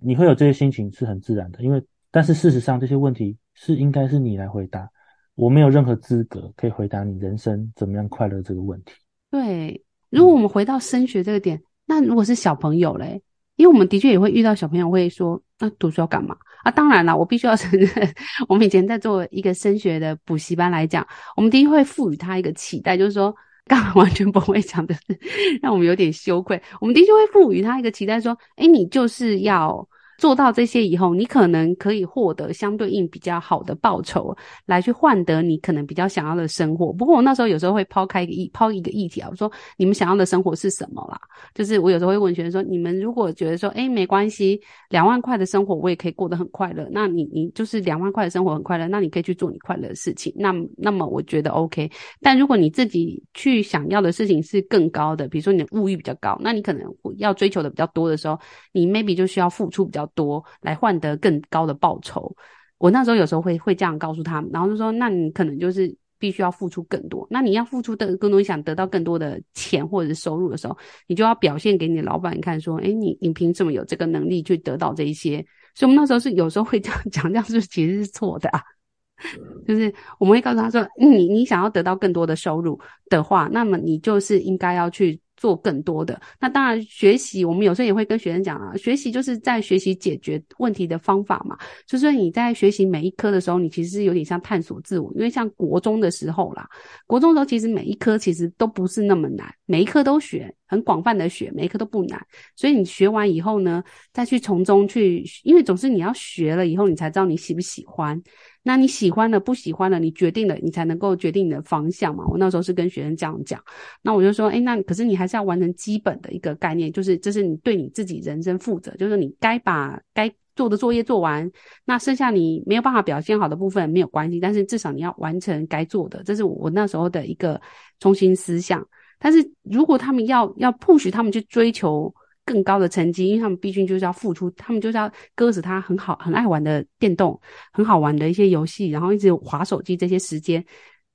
你會有這些心情是很自然的，因為。但是事實上，這些問題是應該是你來回答。我沒有任何資格可以回答你人生怎麼樣快樂這個問題。對，如果我們回到升學這個點，那如果是小朋友嘞？因為我們的確也會遇到小朋友會說：“那讀書要幹嘛？”啊，當然啦，我必須要承認，我們以前在做一個升學的補習班來講，我們的確會賦予他一個期待，就是說，剛剛完全不會講的，讓我們有點羞愧。我們的確會賦予他一個期待，說：“哎，你就是要。”做到這些以後，你可能可以獲得相對應比較好的報酬，來去換得你可能比較想要的生活。不過我那時候有時候會拋開一個議拋一個議題啊，我說你們想要的生活是什麼啦？就是我有時候會問學生說，你們如果覺得說，哎、欸，沒關係，兩萬塊的生活我也可以過得很快樂，那你你就是兩萬塊的生活很快樂，那你可以去做你快樂的事情。那那麼我覺得 OK。但如果你自己去想要的事情是更高的，比如說你的物慾比較高，那你可能要追求的比較多的時候，你 maybe 就需要付出比較多。多來換得更高的報酬。我那時候有時候會會這樣告訴他們，然後就說：那你可能就是必須要付出更多。那你要付出的更多，你想得到更多的錢或者是收入的時候，你就要表現給你的老闆看，說：哎、欸，你你憑什麼有這個能力去得到這一些？所以我們那時候是有時候會這樣講，這樣是不是其實是錯的啊？ 就是我們會告訴他說：嗯，你你想要得到更多的收入的話，那麼你就是應該要去。做更多的。那當然，學習，我們有時候也會跟學生講啊，學習就是在學習解決問題的方法嘛。所以說你在學習每一科的時候，你其實是有點像探索自我，因為像國中的時候啦，國中的時候其實每一科其實都不是那麼難，每一科都學，很廣泛的學，每一科都不難。所以你學完以後呢，再去從中去，因為總是你要學了以後，你才知道你喜不喜歡。那你喜歡的不喜歡的，你決定了，你才能夠決定你的方向嘛。我那時候是跟學生這樣講，那我就說，哎，那可是你還是要完成基本的一個概念，就是這是你對你自己人生負責，就是你該把該做的作業做完。那剩下你沒有辦法表現好的部分沒有關係，但是至少你要完成該做的，這是我那時候的一個中心思想。但是如果他們要要 push 他們去追求。更高的成績，因為他們畢竟就是要付出，他們就是要割舍他很好、很愛玩的電動，很好玩的一些遊戲，然後一直滑手機這些時間。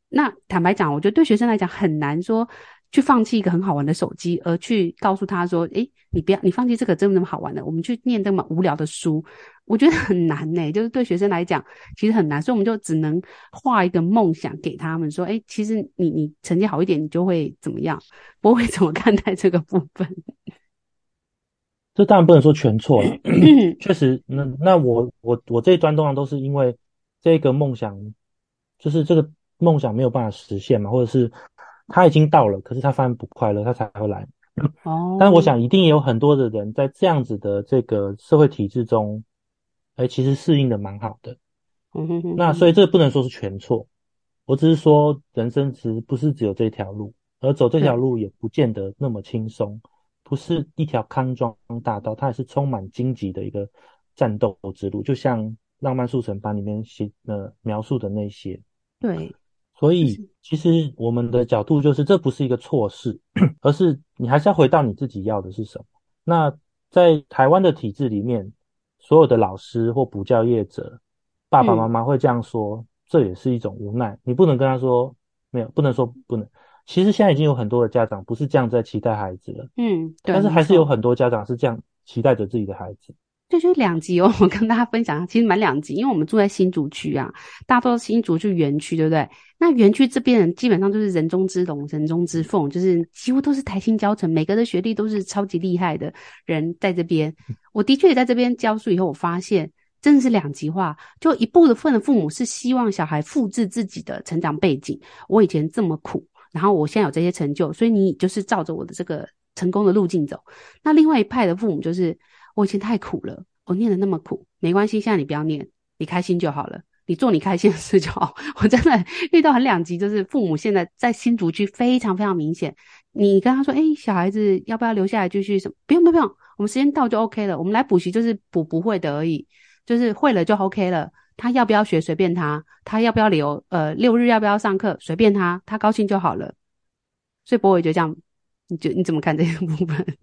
那坦白講，我覺得對學生來講很難說去放棄一個很好玩的手機，而去告訴他說：“誒，你不要，你放棄這個真那麼好玩的，我們去念這麼無聊的書。”我覺得很難呢、欸，就是對學生來講其實很難，所以我們就只能畫一個夢想給他們，說：“誒，其實你你成績好一點，你就會怎麼樣？”不會怎麼看待這個部分？這當然不能說全錯了， 確實，那那我我我這一端通常都是因為這個夢想，就是這個夢想沒有辦法實現嘛，或者是他已經到了，可是他發現不快樂，他才會來。Oh. 但是我想一定也有很多的人在這樣子的這個社會體制中，哎、欸，其實適應的蠻好的。嗯 那所以這不能說是全錯，我只是說人生其實不是只有這條路，而走這條路也不見得那麼輕鬆。不是一條康莊大道，它也是充滿荊棘的一個戰鬥之路，就像《浪漫速成班》裡面寫的、呃，描述的那些。對，所以其實我們的角度就是，這不是一個錯事，而是你還是要回到你自己要的是什麼。那在台灣的體制裡面，所有的老師或補教業者，嗯、爸爸媽媽會這樣說，這也是一種無奈。你不能跟他說沒有，不能說不能。其實現在已經有很多的家長不是這樣在期待孩子了。嗯，對。但是還是有很多家長是這樣期待着自己的孩子。嗯、是是孩子就就是兩極哦，我跟大家分享其實蠻兩極，因為我們住在新竹區啊，大多新竹是園區，對不對？那園區這邊人基本上就是人中之龍、人中之鳳，就是幾乎都是台清交成，每個人的學歷都是超級厲害的人在這邊。 我的確也在這邊教書以後，我發現真的是兩極化，就一部分的父母是希望小孩複製自己的成長背景，我以前這麼苦。然後我現在有這些成就，所以你就是照着我的這個成功的路徑走。那另外一派的父母就是，我以前太苦了，我念的那麼苦，沒關係，現在你不要念，你開心就好了，你做你開心的事就好。我真的遇到很兩極，就是父母現在在新竹區非常非常明顯。你跟他說，哎、欸，小孩子要不要留下來繼續什麼？不用不用不用，我們時間到就 OK 了。我們來補習就是補不會的而已，就是會了就 OK 了。他要不要學隨便他，他要不要留呃六日要不要上課隨便他，他高興就好了。所以柏瑋就這樣，你就你怎麼看這個部分？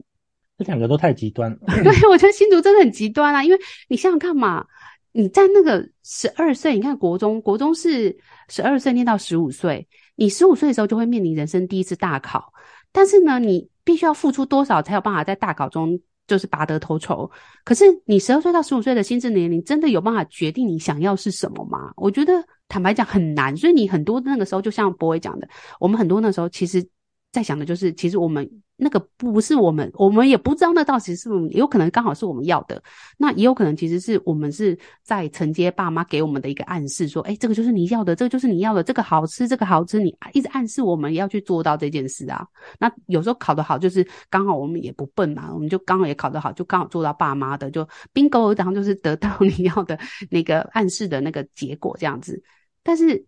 這兩個都太極端了。對 我覺得新竹真的很極端啊，因為你想想看嘛，你在那個十二歲，你看國中，國中是十二歲念到十五歲，你十五歲的時候就會面臨人生第一次大考，但是呢，你必須要付出多少才有辦法在大考中？就是拔得頭籌，可是你十二歲到十五歲的心智年齡，真的有辦法決定你想要是什麼嗎？我覺得坦白講很難，所以你很多那個時候，就像柏瑋講的，我們很多那時候其實。在想的就是，其實我們那個不是我們，我們也不知道那到底是不是有可能剛好是我們要的，那也有可能其實是我們是在承接爸媽給我們的一個暗示，說，哎，這個就是你要的，這個就是你要的，這個好吃，這個好吃，你一直暗示我們也要去做到這件事啊。那有時候考得好，就是剛好我們也不笨嘛，我們就剛好也考得好，就剛好做到爸媽的，就 Bingo，然後就是得到你要的那個暗示的那個結果這樣子。但是。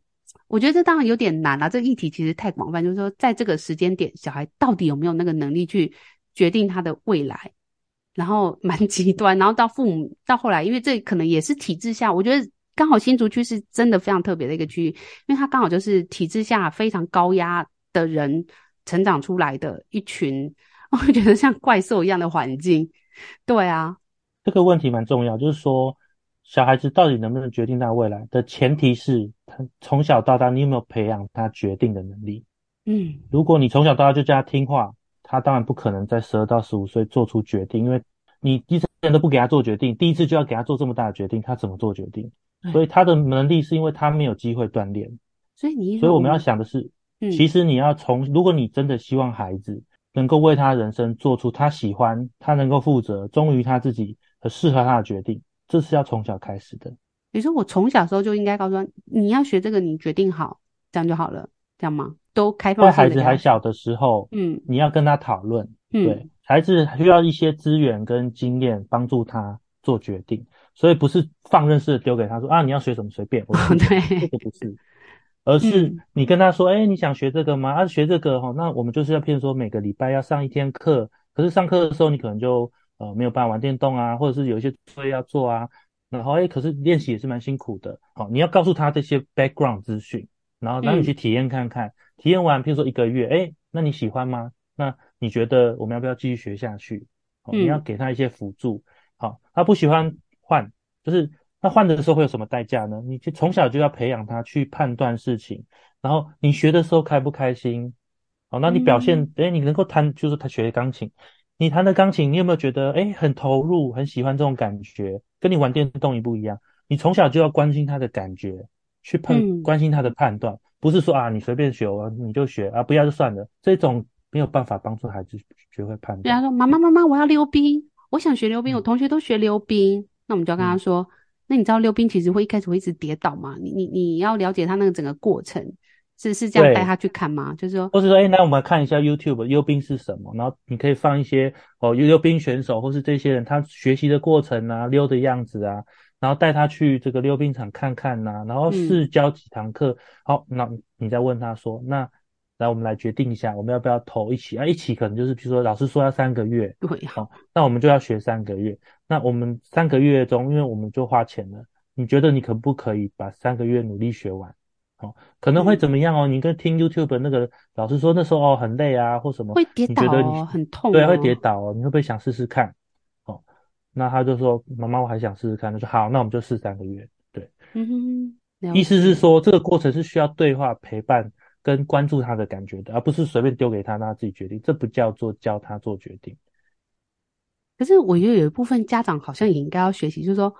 我覺得這當然有點難了，啊，這議題其實太廣泛。就是說，在這個時間點，小孩到底有沒有那個能力去決定他的未來？然後蠻極端，然後到父母，到後來，因為這可能也是體制下，我覺得剛好新竹區是真的非常特別的一個區域，因為它剛好就是體制下非常高壓的人成長出來的一群，我覺得像怪獸一樣的環境。對啊，這個問題蠻重要，就是說，小孩子到底能不能決定他未來的前提是，他從小到大你有沒有培養他決定的能力？嗯，如果你從小到大就叫他聽話，他當然不可能在十二到十五歲做出決定，因為你一直都不給他做決定，第一次就要給他做這麼大的決定，他怎麼做決定？所以他的能力是因為他沒有機會鍛鍊。所以你，所以我們要想的是，其實你要從，如果你真的希望孩子能夠為他人生做出他喜歡、他能夠負責、忠於他自己和適合他的決定。這是要從小開始的。比如說我從小時候就應該告訴他，你要學這個,你決定好，這樣就好了，這樣嗎？都開放。孩子還小的時候，嗯，你要跟他討論，對、嗯，孩子需要一些資源跟經驗幫助他做決定，所以不是放任式的丟給他說啊，你要學什麼隨便我說。哦，對，這個不是，而是你跟他說，哎、嗯欸，你想學這個嗎？啊，學這個哈、哦，那我們就是要譬如說每個禮拜要上一天課，可是上課的時候你可能就。呃，沒有辦法玩電動啊，或者是有一些作業要做啊，然後誒可是練習也是蠻辛苦的。好、哦，你要告訴他這些 background 資訊，然後讓你去體驗看看、嗯。體驗完，譬如說一個月，誒那你喜歡嗎？那你覺得我們要不要繼續學下去？哦嗯、你要給他一些輔助。好、哦，他不喜歡換，就是那換的時候會有什麼代價呢？你就從小就要培養他去判斷事情。然後你學的時候開不開心？好、哦，那你表現，嗯、誒你能夠彈，就是他學鋼琴。你彈的鋼琴，你有沒有覺得哎、欸、很投入，很喜歡這種感覺？跟你玩電動也不一樣，你從小就要關心他的感覺，去判關心他的判斷、嗯，不是說啊你隨便學，你就學啊不要就算了，這種沒有辦法幫助孩子學會判斷。比方說媽媽媽媽，我要溜冰，我想學溜冰，我同學都學溜冰，嗯、那我們就要跟他說、嗯，那你知道溜冰其實會一開始會一直跌倒嗎？你你你要了解他那個整個過程。是是這樣帶他去看嗎？就是說，或是說，哎、欸，那我們來看一下 YouTube 溜冰是什麼？然後你可以放一些哦溜冰選手或是這些人他學習的過程啊，溜的樣子啊，然後帶他去這個溜冰場看看吶、啊，然後試教幾堂課、嗯。好，那你再問他說，那來我們來決定一下，我們要不要投一起？啊，一起可能就是比如說老師說要三個月，對、啊，好、哦，那我們就要學三個月。那我們三個月中，因為我們就花錢了，你覺得你可不可以把三個月努力學完？哦、可能會怎麼樣哦？嗯、你跟聽 YouTube 的那個老師說，那時候哦很累啊或什麼，會跌倒、哦，你覺得你很痛、哦，對、啊，會跌倒。哦。你會不會想試試看？哦，那他就說媽媽，我還想試試看。他說好，那我們就試三個月。對，嗯、意思是說這個過程是需要對話陪伴跟關注他的感覺的，而不是隨便丟給他讓他自己決定。這不叫做教他做決定。可是我覺得有一部分家長好像也應該要學習，就是說。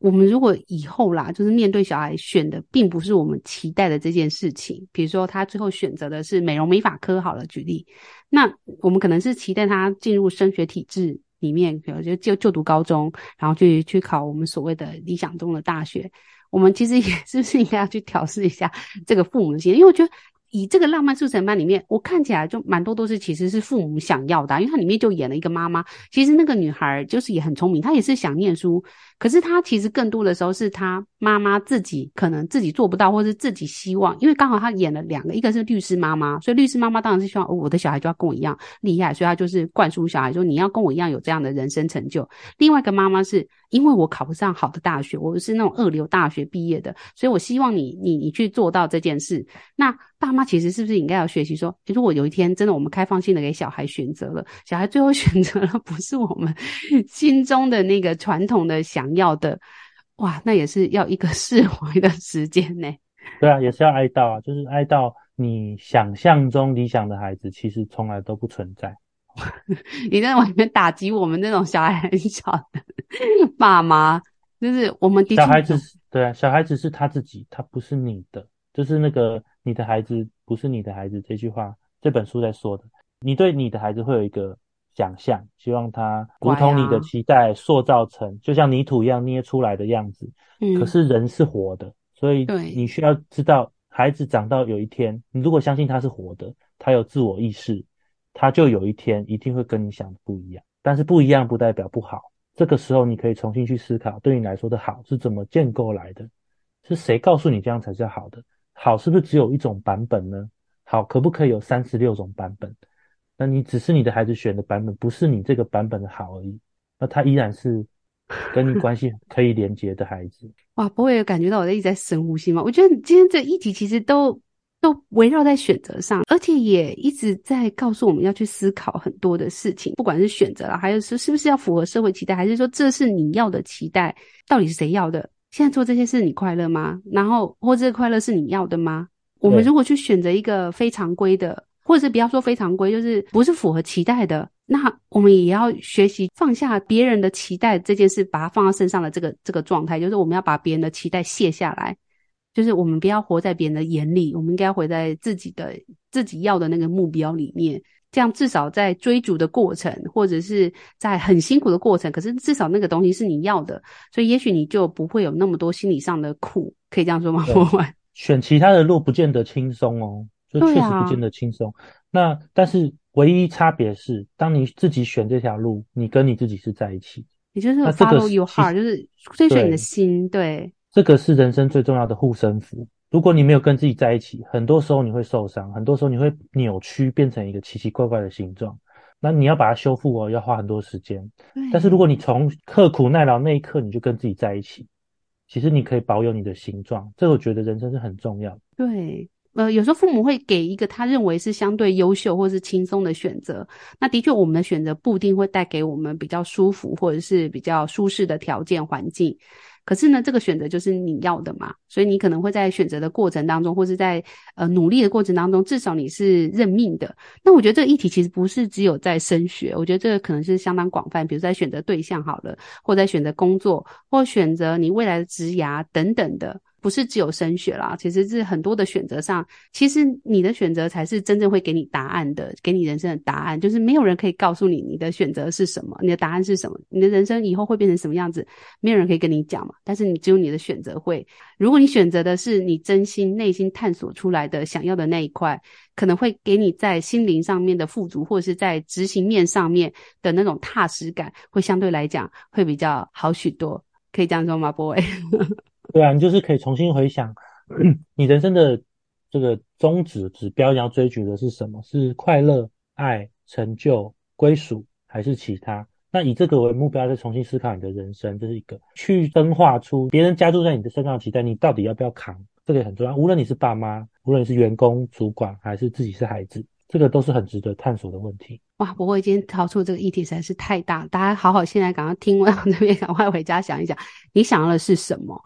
我們如果以後啦，就是面對小孩選的，並不是我們期待的這件事情。比如說，他最後選擇的是美容美髮科，好了舉例，那我們可能是期待他進入升學體制裡面，比如就就讀高中，然後去去考我們所謂的理想中的大學。我們其實也是不是應該要去調試一下這個父母的心？因為我覺得，以這個浪漫速成班裡面，我看起來就蠻多都是其實是父母想要的，啊，因為他裡面就演了一個媽媽，其實那個女孩就是也很聰明，她也是想念書。可是他其實更多的時候是他媽媽自己可能自己做不到，或是自己希望，因為剛好他演了兩個，一個是律師媽媽，所以律師媽媽當然是希望我的小孩就要跟我一樣厲害，所以他就是灌輸小孩說，你要跟我一樣有這樣的人生成就。另外一個媽媽是因為我考不上好的大學，我是那種二流大學畢業的，所以我希望你你你去做到這件事。那爸媽其實是不是應該要學習說，如果有一天真的我們開放性的給小孩選擇了，小孩最後選擇了不是我們心中的那個傳統的想。要的，哇，那也是要一個釋懷的時間呢、欸。對啊，也是要哀悼啊，就是哀悼你想象中理想的孩子，其實從來都不存在。 你在裡面打擊我們那種小孩很小的爸媽，就是我們的小孩子。對啊，小孩子是他自己，他不是你的，就是那個你的孩子不是你的孩子這句話，這本書在說的。你對你的孩子會有一個。想象希望他如同你的期待塑造成，就像泥土一樣捏出來的樣子。嗯。可是人是活的，對。所以你需要知道，孩子長到有一天，你如果相信他是活的，他有自我意識，他就有一天一定會跟你想的不一樣。但是不一樣不代表不好，這個時候你可以重新去思考，對你來說的好是怎麼建構來的？是誰告訴你這樣才是好的？好是不是只有一種版本呢？好，可不可以有三十六種版本？那你只是你的孩子選的版本，不是你這個版本的好而已。那他依然是跟你關係可以連接的孩子。 哇，不會有感覺到我在一直在深呼吸嗎？我覺得今天這一集其實都都圍繞在選擇上，而且也一直在告訴我們要去思考很多的事情，不管是選擇了，還有是是不是要符合社會期待，還是說這是你要的期待，到底是誰要的？現在做這些事你快樂嗎？然後或者快樂是你要的嗎？我們如果去選擇一個非常規的。或者是不要說非常規，就是不是符合期待的。那我們也要學習放下別人的期待這件事，把它放到身上的這個這個狀態，就是我們要把別人的期待卸下來，就是我們不要活在別人的眼裡，我們應該活在自己的自己要的那個目標裡面。這樣至少在追逐的過程，或者是在很辛苦的過程，可是至少那個東西是你要的，所以也許你就不會有那麼多心理上的苦，可以這樣說嗎？莫 選其他的路不見得輕鬆哦。就確實不見得輕鬆、啊。那但是唯一差別是，當你自己選這條路，你跟你自己是在一起。也就是，有 follow 這個是 your heart，就是追隨你的心對。對，這個是人生最重要的護身符。如果你沒有跟自己在一起，很多時候你會受傷，很多時候你會扭曲，變成一個奇奇怪怪的形狀。那你要把它修復哦、喔，要花很多時間。但是如果你從刻苦耐勞那一刻，你就跟自己在一起，其實你可以保有你的形狀。這我覺得人生是很重要的。對。呃，有時候父母會給一個他認為是相對優秀或是輕鬆的選擇。那的確，我們的選擇不一定會帶給我們比較舒服或者是比較舒適的條件環境。可是呢，這個選擇就是你要的嘛。所以你可能會在選擇的過程當中，或是在呃努力的過程當中，至少你是認命的。那我覺得這個議題其實不是只有在升學，我覺得這個可能是相當廣泛，比如在選擇對象好了，或在選擇工作，或選擇你未來的職涯等等的。不是只有升學啦，其實是很多的選擇上，其實你的選擇才是真正會給你答案的，給你人生的答案。就是沒有人可以告訴你，你的選擇是什麼，你的答案是什麼，你的人生以後會變成什麼樣子，沒有人可以跟你講嘛。但是你只有你的選擇會，如果你選擇的是你真心內心探索出來的想要的那一塊，可能會給你在心靈上面的富足，或者是在執行面上面的那種踏實感，會相對來講會比較好許多。可以這樣說嗎，柏瑋？ 對啊，你就是可以重新回想你人生的這個宗旨指標，你要追求的是什麼？是快樂、愛、成就、歸屬，還是其他？那以這個為目標，再重新思考你的人生，這是一個去分化出別人加諸在你的身上的期待，你到底要不要扛？這個很重要。無論你是爸媽，無論你是員工、主管，還是自己是孩子，這個都是很值得探索的問題。哇，不過今天拋出這個議題實在是太大，大家好好現在趕快聽完，這邊趕快回家想一想，你想要的是什麼？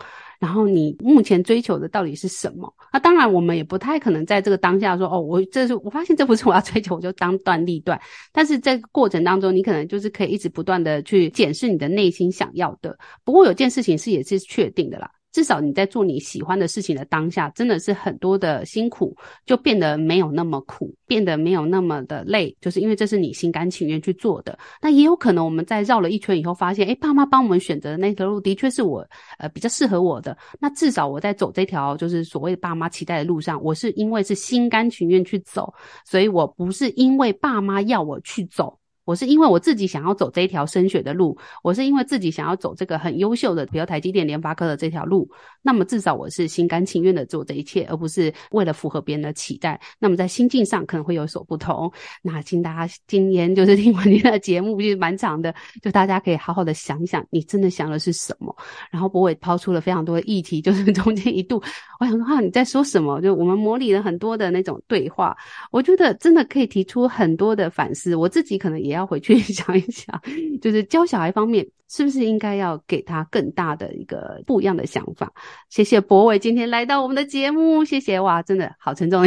然後你目前追求的到底是什麼？那當然，我們也不太可能在這個當下說哦，我這是我發現這不是我要追求，我就當斷立斷。但是在過程當中，你可能就是可以一直不斷的去檢視你的內心想要的。不過有件事情是也是確定的啦。至少你在做你喜歡的事情的當下，真的是很多的辛苦就變得沒有那麼苦，變得沒有那麼的累，就是因為這是你心甘情願去做的。那也有可能我們在繞了一圈以後，發現，誒、欸，爸媽幫我們選擇的那條路，的確是我，呃，比較適合我的。那至少我在走這條就是所謂爸媽期待的路上，我是因為是心甘情願去走，所以我不是因為爸媽要我去走。我是因為我自己想要走這一條升學的路，我是因為自己想要走這個很優秀的，比如台積電、聯發科的這條路。那麼至少我是心甘情願的做這一切，而不是為了符合別人的期待。那麼在心境上可能會有所不同。那請大家今天就是聽完今天的節目，就是蠻長的，就大家可以好好的想一想，你真的想的是什麼？然後柏瑋拋出了非常多的議題，就是中間一度我想說你在說什麼？就我們模擬了很多的那種對話，我覺得真的可以提出很多的反思。我自己可能也。也要回去想一想，就是教小孩方面，是不是應該要給他更大的一個不一樣的想法？謝謝柏瑋今天來到我們的節目，謝謝哇，真的好沉重，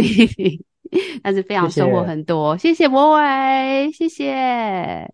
但是非常收穫很多，謝謝，謝謝柏瑋，謝謝。